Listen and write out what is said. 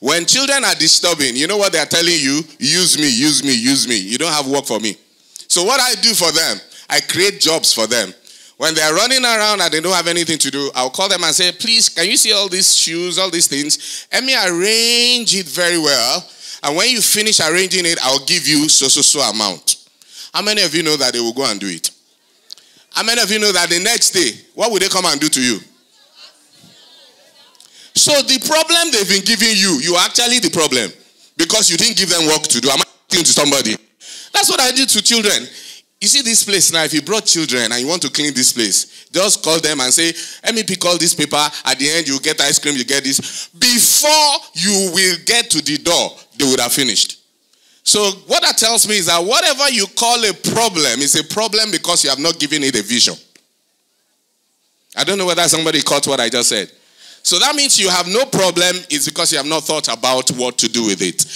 When children are disturbing, you know what they are telling you? Use me, use me, use me. You don't have work for me. So what I do for them, I create jobs for them. When they are running around and they don't have anything to do, I'll call them and say, please, can you see all these shoes, all these things? Let me arrange it very well. And when you finish arranging it, I'll give you so, so, so amount. How many of you know that they will go and do it? How many of you know that the next day, what will they come and do to you? So the problem they've been giving you, you're actually the problem because you didn't give them work to do. I'm talking to somebody. That's what I did to children. You see this place now, if you brought children and you want to clean this place, just call them and say, pick call this paper. At the end, you get ice cream, you get this. Before you will get to the door, they would have finished. So what that tells me is that whatever you call a problem is a problem because you have not given it a vision. I don't know whether somebody caught what I just said. So that means you have no problem is because you have not thought about what to do with it.